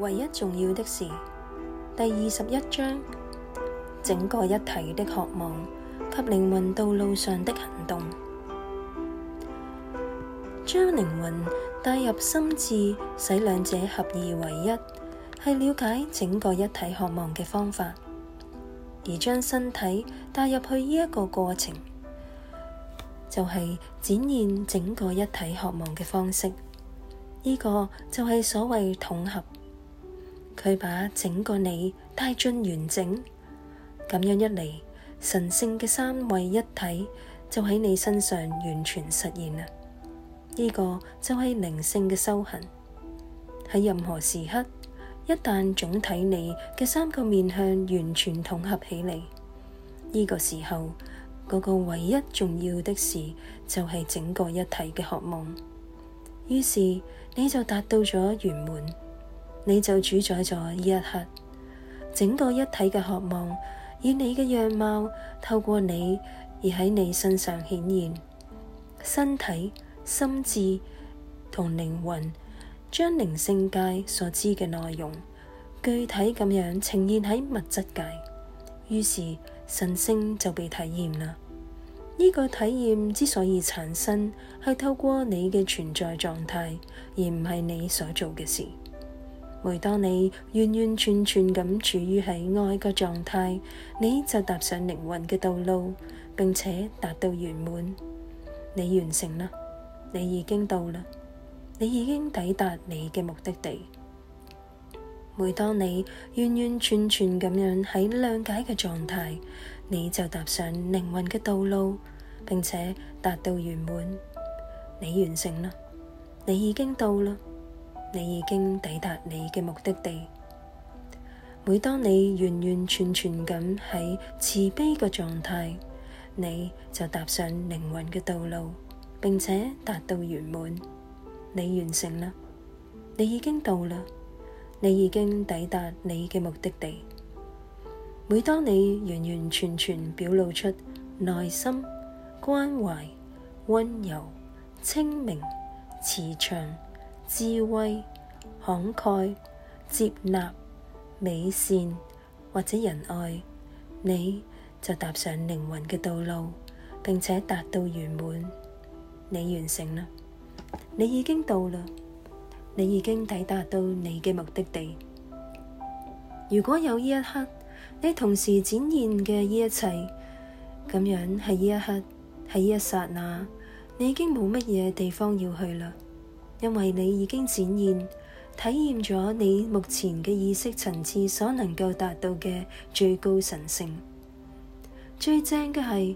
唯一重要的事，第二十一章，整個一體的渴望及靈魂道路上的行動，將靈魂帶入心智，使兩者合二為一，係了解整個一體渴望嘅方法。而將身體帶入去呢一個過程，就係、是、展現整個一體渴望嘅方式。呢、這個就係所謂統合。佢把整個你帶進完整，咁樣一嚟，神聖嘅三位一體就喺你身上完全實現啦。呢個就係靈性嘅修行。喺任何時刻，一旦總體你嘅三個面向完全統合起嚟，呢個時候嗰個唯一重要的事就係整個一體嘅渴望，於是你就達到咗圓滿。你就主宰咗呢一刻，整個一體嘅渴望以你嘅樣貌透過你而喺你身上顯現，身體、心智同靈魂將靈性界所知嘅內容具體咁樣呈現喺物質界，於是神聖就被體驗啦。呢個體驗之所以產生，係透過你嘅存在狀態，而唔係你所做嘅事。每當你完完全全咁處於喺愛嘅狀態，你就踏上靈魂嘅道路，並且達到圓滿，你完成啦，你已經到啦，你已經抵達你嘅目的地。每當你完完全全咁樣喺諒解嘅狀態，你就踏上靈魂嘅道路，並且達到圓滿，你完成啦，你已經到啦。你已經抵達你嘅目的地。每當你完完全全咁喺慈悲嘅狀態，你就踏上靈魂嘅道路，並且達到圓滿。你完成啦，你已經到啦，你已經抵達你嘅目的地。每當你完完全全表露出耐心、關懷、溫柔、清明、慈祥、智慧、慷慨、接納、美善或者仁愛，你就踏上靈魂嘅道路，並且達到圓滿。你完成啦，你已經到啦，你已經抵達到你嘅目的地。如果有呢一刻，你同時展現嘅呢一切，咁樣喺呢一刻，喺呢一剎那，你已經冇乜嘢地方要去啦。因為你已經展現，體驗咗你目前嘅意識層次所能夠達到嘅最高神性，最正嘅係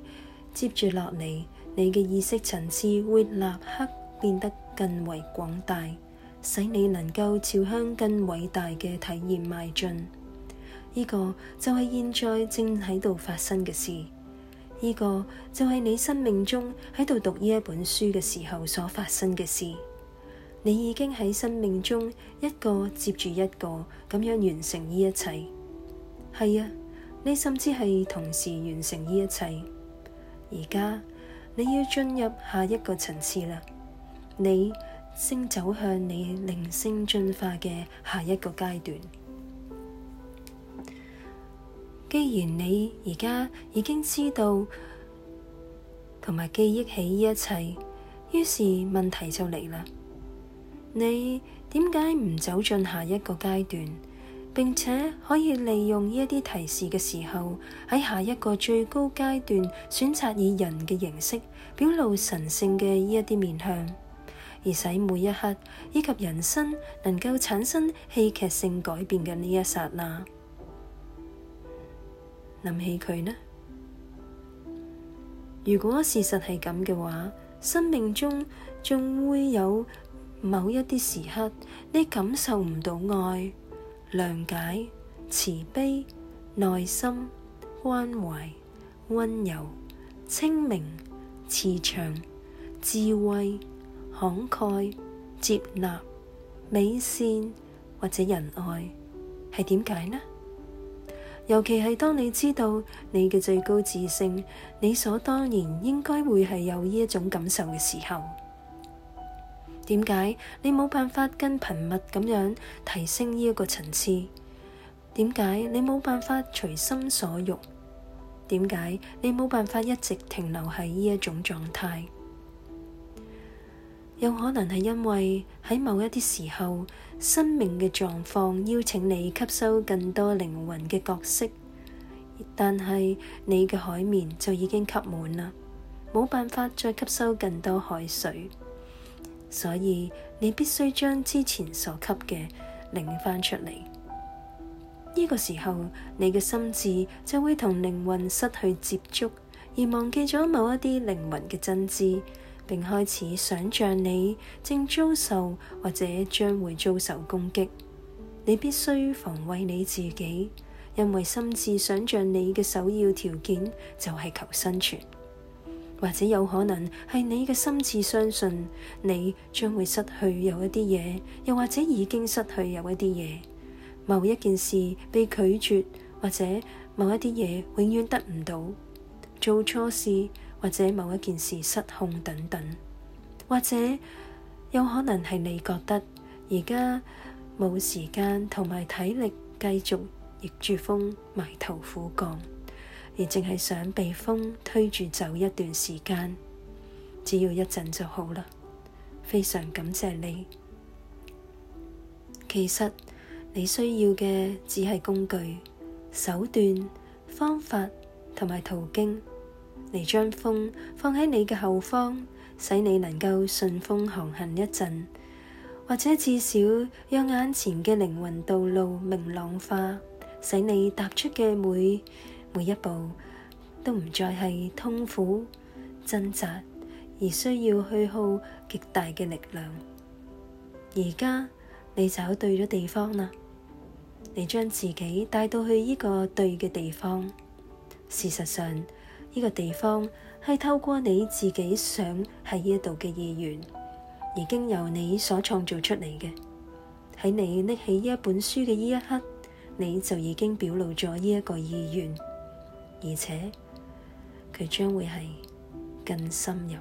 接住落嚟，你嘅意識層次會立刻變得更為廣大，使你能夠朝向更偉大嘅體驗邁進。呢、這個就係現在正喺度發生嘅事，呢、這個就係你生命中喺度讀呢一本書嘅時候所發生嘅事。你已經喺生命中一個接住一個咁樣完成呢一切，係啊，你甚至係同時完成呢一切。而家你要進入下一個層次啦，你先走向你靈性進化嘅下一個階段。既然你而家已經知道同埋記憶起呢一切，於是問題就嚟啦。你點解唔走進下一個階段，並且可以利用呢一啲提示嘅時候喺下一個最高階段選擇以人嘅形式表露神聖嘅呢一啲面向，而使每一刻以及人生能夠產生戲劇性改變嘅呢一剎那？諗起佢呢？如果事實係咁嘅話，生命中仲會有，某一啲時刻，你感受唔到愛、諒解、慈悲、耐心、關懷、溫柔、清明、慈祥、智慧、慷慨、接納、美善或者仁愛，係點解呢？尤其係當你知道你嘅最高自性，理所當然應該會係有呢一種感受嘅時候。點解你冇辦法跟頻密咁樣提升呢一個層次？點解你冇辦法隨心所欲？點解你冇辦法一直停留喺呢一種狀態？有可能係因為喺某一啲時候，生命嘅狀況邀請你吸收更多靈魂嘅角色，但係你嘅海綿就已經吸滿啦，冇辦法再吸收更多海水。所以你必須將之前所給嘅拎返出嚟。呢個時候，你嘅心智就會同靈魂失去接觸，而忘記咗某一啲靈魂嘅真知，並開始想象你正遭受或者將會遭受攻擊。你必須防衛你自己，因為心智想象你嘅首要條件就係求生存。或者有可能係你嘅心智相信你將會失去有一啲嘢，又或者已經失去有一啲嘢，某一件事被拒絕，或者某一啲嘢永遠得唔到，做錯事或者某一件事失控等等，或者有可能係你覺得而家冇時間同埋體力繼續逆住風埋頭苦幹。你淨係想被風推住走一段時間，只要一陣就好啦。非常感謝你。其實你需要嘅只係工具、手段、方法同埋途徑，你將風放喺你嘅後方，使你能夠順風航行一陣，或者至少讓眼前嘅靈魂道路明朗化，使你踏出嘅每每一步都唔再係痛苦掙扎，而需要去耗極大嘅力量。而家你找對咗地方啦，你將自己帶到去呢個對嘅地方。事實上，呢個地方係透過你自己想喺呢度嘅意願，已經由你所創造出嚟嘅。喺你拎起呢一本書嘅呢一刻，你就已經表露咗呢一個意願。而且佢將會係更深入。